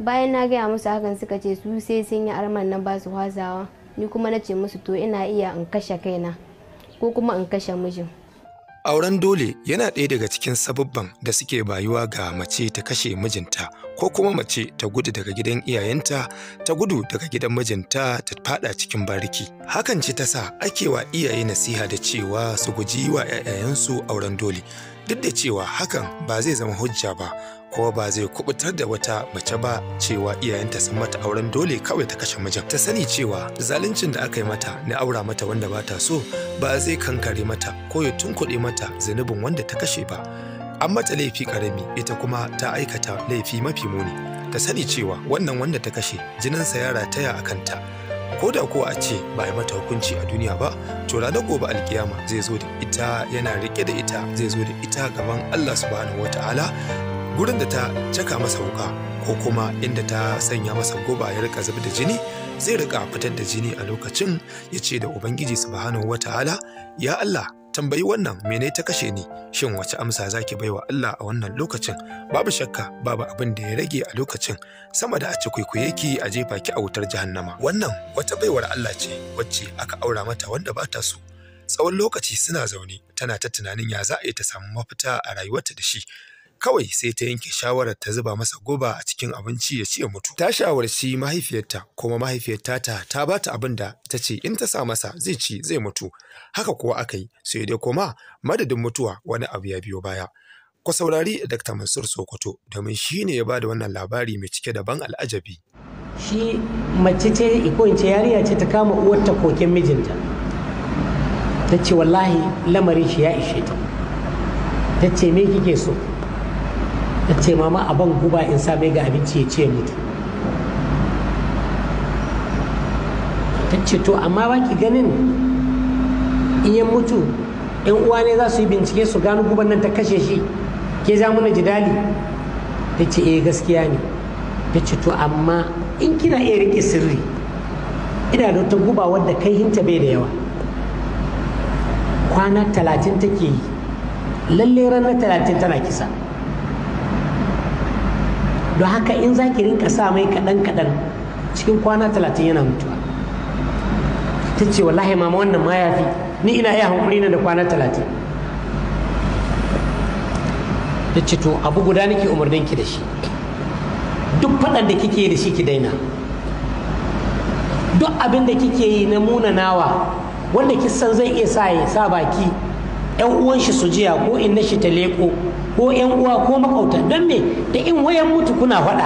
bayan na gaya musu hakan suka ce su sai sun yi arman na ba su hazawa ni kuma na ce musu to ina iya in kashe kaina ko kuma in kashe mijin auren dole yana ɗaya daga cikin sababban da suke bayuwa ga mace ta kashe mijinta ko kuma mace ta gudu daga gidan iyayenta ta gudu daga gidan mijinta ta fada cikin bariki hakan ce ta sa ake wa iyaye nasiha da cewa su guji wa 'ya'yayensu auren dole duk da cewa hakan ba zai zama hujja ba Kowa ba zai kubutar da wata mace ba cewa iyayenta sun mata auren dole kawai ta kashe mijin ta sani cewa zaluncin da aka yi mata na aura mata wanda ba ta so ba zai kankare mata ko ya tunkuɗe mata zunubin wanda ta kashe ba an mata laifi karami ita kuma ta aikata laifi mafi muni ta sani cewa wannan wanda ta kashe jininsa ya rataya a kanta ko da kuwa a ce ba a mata hukunci a duniya ba to ranar gobe alkiyama zai zo da ita yana rike da ita zai zo da ita gaban Allah subhanahu ta'ala? gurin da ta caka masa wuka ko kuma inda ta sanya masa guba ya rika zubar da jini zai rika fitar da jini a lokacin ya ce da ubangiji subhanahu wataala ya Allah tambayi wannan mene ta kashe ni shin wace amsa zaki baiwa Allah a wannan lokacin babu shakka babu abin da ya rage a lokacin sama da a ci kwaikwaye ki a jefa ki a wutar jahannama wannan wata baiwar Allah ce wacce aka aura mata wanda ba ta so tsawon lokaci suna zaune tana ta tunanin ya za yi ta samu mafita a rayuwarta da shi kawai sai ta yanke shawarar ta zuba masa guba a cikin abinci ya ci ya mutu ta shawarci mahaifiyarta kuma mahaifiyarta ta ta ba ta abin da ta ce in ta sa masa zai ci zai mutu haka kuwa aka yi sai dai kuma madadin mutuwa wani abu ya biyo baya ku saurari Dr. Mansur Sokoto domin shi ne ya bada wannan labari mai cike da ban al'ajabi. Shi mace ce ko in ce yariya ce ta kama uwarta koken mijinta. Ta ce wallahi lamarin shi ya ishe ta. Ta ce me kike so? ta ce mama a ban guba in same ga abinci ya ce mutu ta ce to amma ba ganin in yi mutu yan uwa ne za su yi bincike su gano guban nan ta kashe shi ke za mu na jidali ta ce eh gaskiya ne ta ce to amma in kina iya rike sirri ina da ta guba wadda kai hinta bai da yawa kwana talatin take yi lalle ranar talatin tana kisa don haka in za ki rinka sa mai kaɗan kaɗan cikin kwana talatin yana mutuwa ta ce wallahi mama wannan ma ya fi ni ina iya hankuri na da kwana talatin ta ce to abu guda nake umarnin ki da shi duk faɗan da kike da shi ki daina duk abin da kike yi na munanawa wanda kisan zai iya sa ya sa baki yan uwan shi su jiya ko in na shi ta leko ko yan uwa ko makauta don me da in wayan mutu kuna faɗa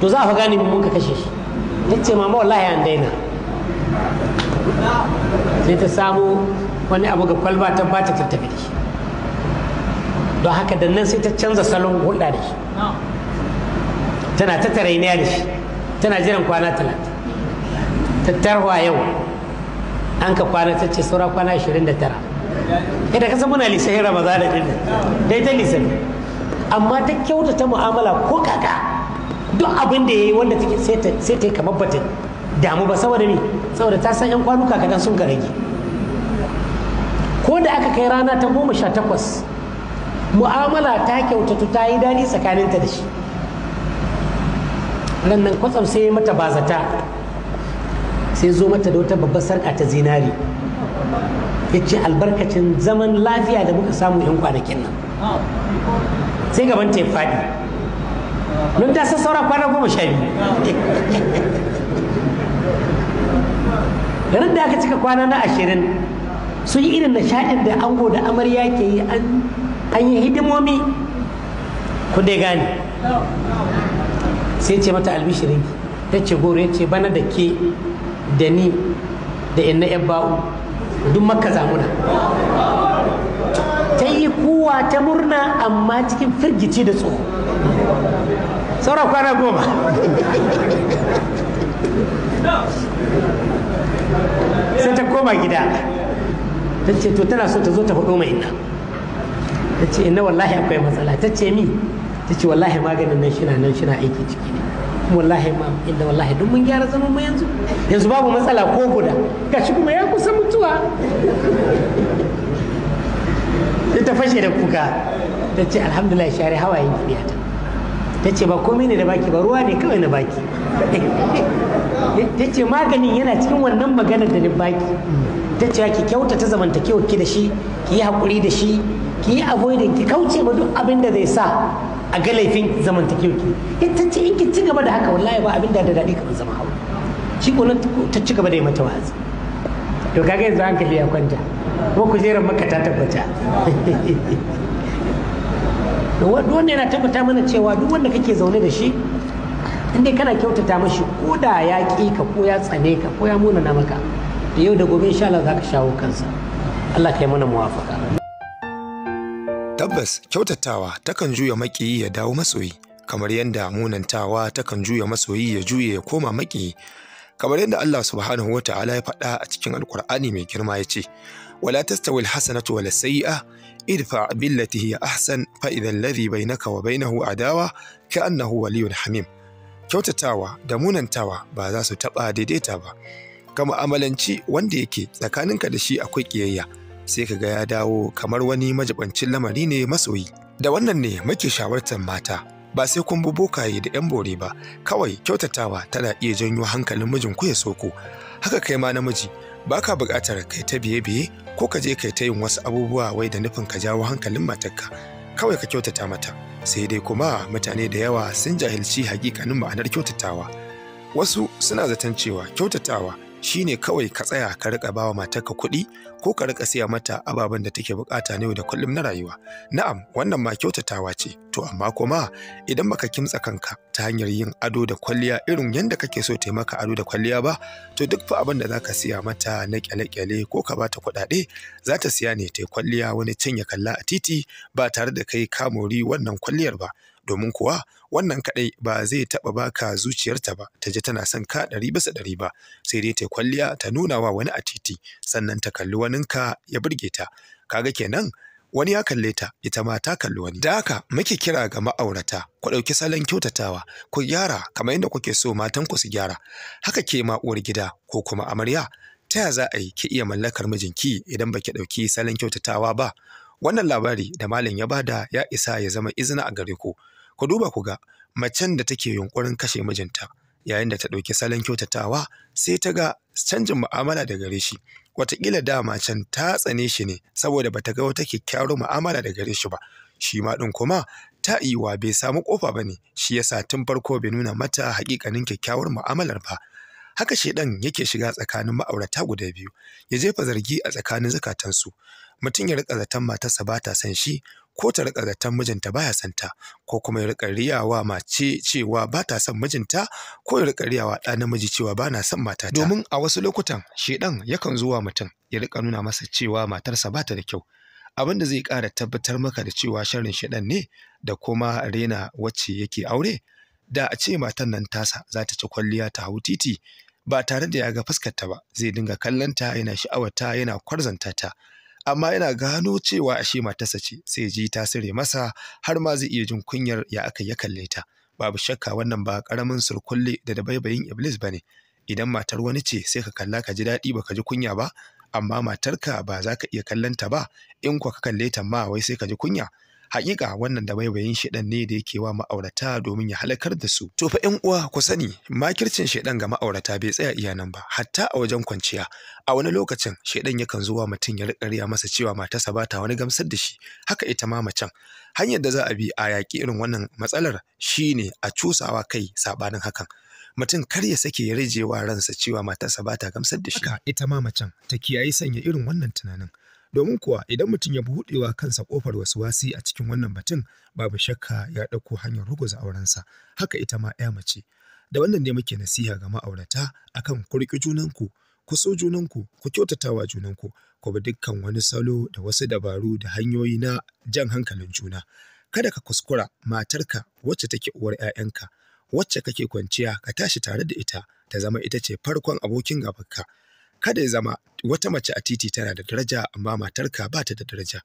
to za a gane mun ka kashe shi ta ce mama wallahi an daina sai ta samu wani abu ga kwalba ta bata ta tafi da shi don haka da nan sai ta canza salon hulɗa da shi tana ta tarainiya da shi tana jiran kwana talatin tattarwa yau an ka kwana ta ce saura kwana 29 Yada eh, ka san muna lisanin ramadana din dai ta lisani amma ta kyautata mu'amala ko kaka duk abin da yayi wanda take sai ta yi kamar batun damu ba saboda me saboda ta san yan kwanuka kadan sun rage ko da aka kai rana ta goma sha takwas mu'amala ta kyautatu ta yi daɗi tsakaninta da shi nan nan kwatsam sai mata bazata sai zo mata da wata babbar sarƙa ta zinari ya ce albarkacin zaman lafiya da muka samu 'yan kwanakin nan sai gaban ta faɗi don ta sassaura kwana goma sha biyu garin da aka cika kwana na ashirin sun yi irin nishaɗin da ango da amarya ke yi an yi hidimomi ku dai gane sai ce mata albishirin ta ce goro ya ce bana da ke da ni da inna yan ba'u duk makka zamuna ta yi kuwa ta murna amma cikin firgici da tsoro saura kwana goma sai ta koma gida ta ce to tana so ta zo ta hudu mai ina ta ce ina wallahi akwai matsala ta ce mi ta ce wallahi maganin nan shina nan shina aiki ciki wallahi ma inda wallahi duk mun gyara zaman mu yanzu yanzu babu matsala ko guda gashi kuma ya kusa mutuwa ta fashe da kuka ta ce alhamdulillah share hawayen kiyata ta ce ba komai ne da baki ba ruwa ne kawai na baki ta ce maganin yana cikin wannan maganar da ni baki ta ce ki kyauta ta zamantakewa ki da shi ki yi haƙuri da shi ki yi avoiding ki kauce ma duk abin da zai sa a ga laifin zamantakewa ta ce in ki ci gaba da haka wallahi ba abin da da daɗi kamar zama hau. shi ko ta ci gaba da yi mata wazi to kaga yanzu hankali ya kwanta ko kujerar maka ta tabbata wanda yana tabbata mana cewa duk wanda kake zaune da shi inda kana kyautata mashi ko da ya ƙi ka ko ya tsane ka ko ya munana maka da yau da gobe insha Allah za ka shawo kansa Allah ka yi mana muwafaka Tabbas kyautatawa takan juya maƙiyi ya dawo masoyi, kamar yadda munantawa takan juya masoyi ya juye ya koma maƙiyi. Kamar yadda Allah subhanahu wa ta'ala ya faɗa a cikin Alƙur'ani mai girma ya ce, Wala tastawi alhasanatu wala sayi'a idfa billati hiya ahsan fa bai alladhi bainaka wa bainahu adawa ka'annahu waliyyun hamim. Kyautatawa da munantawa ba za su taɓa daidaita ba. Ka mu'amalanci wanda yake tsakaninka da shi akwai ƙiyayya. sai ka ga ya dawo kamar wani majibancin lamari ne masoyi da wannan ne muke shawartar mata ba sai kun bi bokaye da 'yan bore ba kawai kyautatawa tana iya janyo hankalin mijinku ya so soko haka kai ma namiji ba ka buƙatar kai ta biye-biye ko ka je kai ta yin wasu abubuwa wai da nufin ka jawo hankalin matarka kawai ka kyautata mata sai dai kuma mutane da yawa sun jahilci hakikanin ma'anar kyautatawa wasu suna zaton cewa kyautatawa Shi ne kawai ka tsaya ka rika bawa matarka kuɗi ko ka riƙa siya mata ababen da take bukata ne da kullum na rayuwa na'am wannan ma kyautatawa ce to amma kuma idan baka kimtsa kanka ta hanyar yin ado da kwalliya irin yadda kake so ta maka ado da kwalliya ba to duk fa abin da zaka siya mata na kyale-kyale ko ka bata kuɗaɗe za ta siya ne ta kwalliya wani cin ya kalla a titi ba tare da kai kamori wannan kwalliyar ba domin kuwa wannan kaɗai ba zai taɓa baka zuciyarta ba ta ji tana son ka ɗari bisa ɗari ba sai dai ta yi kwalliya ta nuna wa wani a titi sannan ta kalli waninka ya burge ta kaga kenan wani ya kalle ta ita ma ta kalli wani da haka muke kira ga ma'aurata ku ɗauki salon kyautatawa ku gyara kamar yadda kuke so matan ku su gyara haka ke ma uwar gida ko kuma amarya ta ya za a yi ki iya mallakar mijinki idan baki ɗauki salon kyautatawa ba wannan labari da malam ya bada ya isa ya zama izina a gare ku Ku duba ku ga macen da take yunkurin kashe mijinta yayin da ta ɗauki salon kyautatawa sai ta ga canjin mu'amala da gare shi. Wataƙila dama can ta tsane shi ne saboda bata ga wata kyakkyawar mu'amala da gare shi ba. Shi ma ɗin kuma ta iwa bai samu ƙofa ba ne shi yasa tun farko bai nuna mata haƙiƙanin kyakkyawar mu'amalar ba. Haka ɗan yake shiga tsakanin ma'aurata guda biyu ya jefa zargi a tsakanin zukatansu. Mutum ya riƙa zaton matarsa ba ta son shi ko ta riƙa zaton mijinta baya son ta ko kuma ya riƙa riyawa mace cewa ba ta son mijinta ko ya riƙa riyawa ɗa namiji cewa ba na son matata domin a wasu lokutan shaiɗan yakan zuwa mutum ya riƙa nuna masa cewa matarsa ba ta da kyau abin da zai ƙara tabbatar maka da cewa sharrin shedan ne da kuma rena wacce yake aure da a ce matan nan tasa za ta ci kwalliya ta hau titi ba tare da ya ga fuskarta ba zai dinga kallonta yana sha'awarta yana kwarzanta ta amma yana gano cewa ashe matarsa ce sai ji ta sire masa har ma zai iya jin kunyar ya aka ya kalle ta babu shakka wannan ba karamin surkulle da dabaibayin iblis bane idan matar wani ce sai ka kalla ka ji daɗi baka ji kunya ba amma matarka ba za ka iya kallon ba in kwa ka kalle ta ma wai sai ka ji kunya hakika wannan da waiwayin shedan ne da yake wa ma'aurata domin ya halakar da su to fa uwa ku sani makircin shedan ga ma'aurata bai tsaya iya nan ba hatta a wajen kwanciya a wani lokacin shedan yakan zuwa mutum ya riƙa masa cewa matarsa ba ta wani gamsar da shi haka ita ma macen hanyar da za a bi a yaƙi irin wannan matsalar shine a cusawa kai sabanin hakan mutum kar ya sake ya rijewa ransa cewa matarsa ba ta gamsar da shi. Haka ita ma macen ta kiyaye sanya irin wannan tunanin. domin kuwa idan mutum ya buɗewa kansa ƙofar wasu wasi a cikin wannan batun babu shakka ya ɗauko hanyar ruguza aurensa haka ita ma ya mace da wannan ne muke nasiha ga ma'aurata akan ku riƙi junanku ku so junanku ku kyautatawa junanku ku bi dukkan wani salo da wasu dabaru da hanyoyi na jan hankalin juna kada ka kuskura matarka wacce take uwar 'ya'yanka wacce kake kwanciya ka tashi tare da ita ta zama ita ce farkon abokin gabanka kada ya zama wata mace a titi tana da daraja amma matarka ba ta da daraja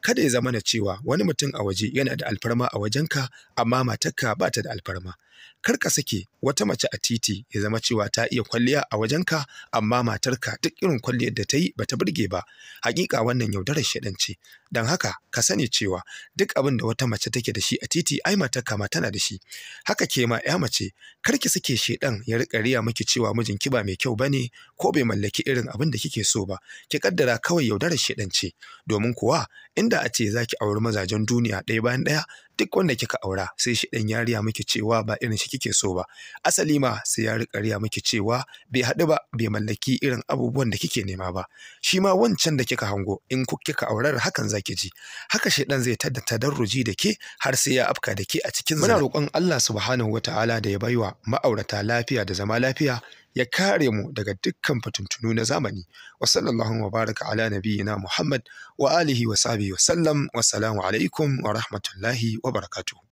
kada ya zama na cewa wani mutum a waje yana da alfarma a wajenka amma matarka ba ta da alfarma kar ka sake wata mace a titi ya zama cewa ta iya kwalliya a wajenka amma matarka duk irin kwalliyar da ta yi ba ta burge ba hakika wannan yaudarar shaɗan ce don haka ka sani cewa duk abin da wata mace take da shi a titi ai matarka ma tana da shi haka ke ma ya mace kar ki sake shaɗan ya riƙa riya miki cewa mijinki ba mai kyau bane ko bai mallaki irin abin da kike so ba ki kaddara kawai yaudarar shaidan ce domin kuwa inda a ce zaki auri mazajen duniya ɗaya bayan ɗaya duk wanda kika aura sai shi ɗan yariya miki cewa ba irin shi kike so ba asali ma sai ya riƙa riya miki cewa bai haɗu ba bai mallaki irin abubuwan da kike nema ba shi ma wancan da kika hango in ku kika aurar hakan zaki ji haka shi ɗan zai tada tadarruji da ke har sai ya afka da ke a cikin muna roƙon Allah subhanahu wataala da ya baiwa ma'aurata lafiya da zama lafiya ya kare mu daga dukkan fatuntunu na zamani wa sallallahu wa baraka ala nabiyyina muhammad wa alihi wa sahbihi wa sallam salamu alaikum wa rahmatullahi wa barakatuh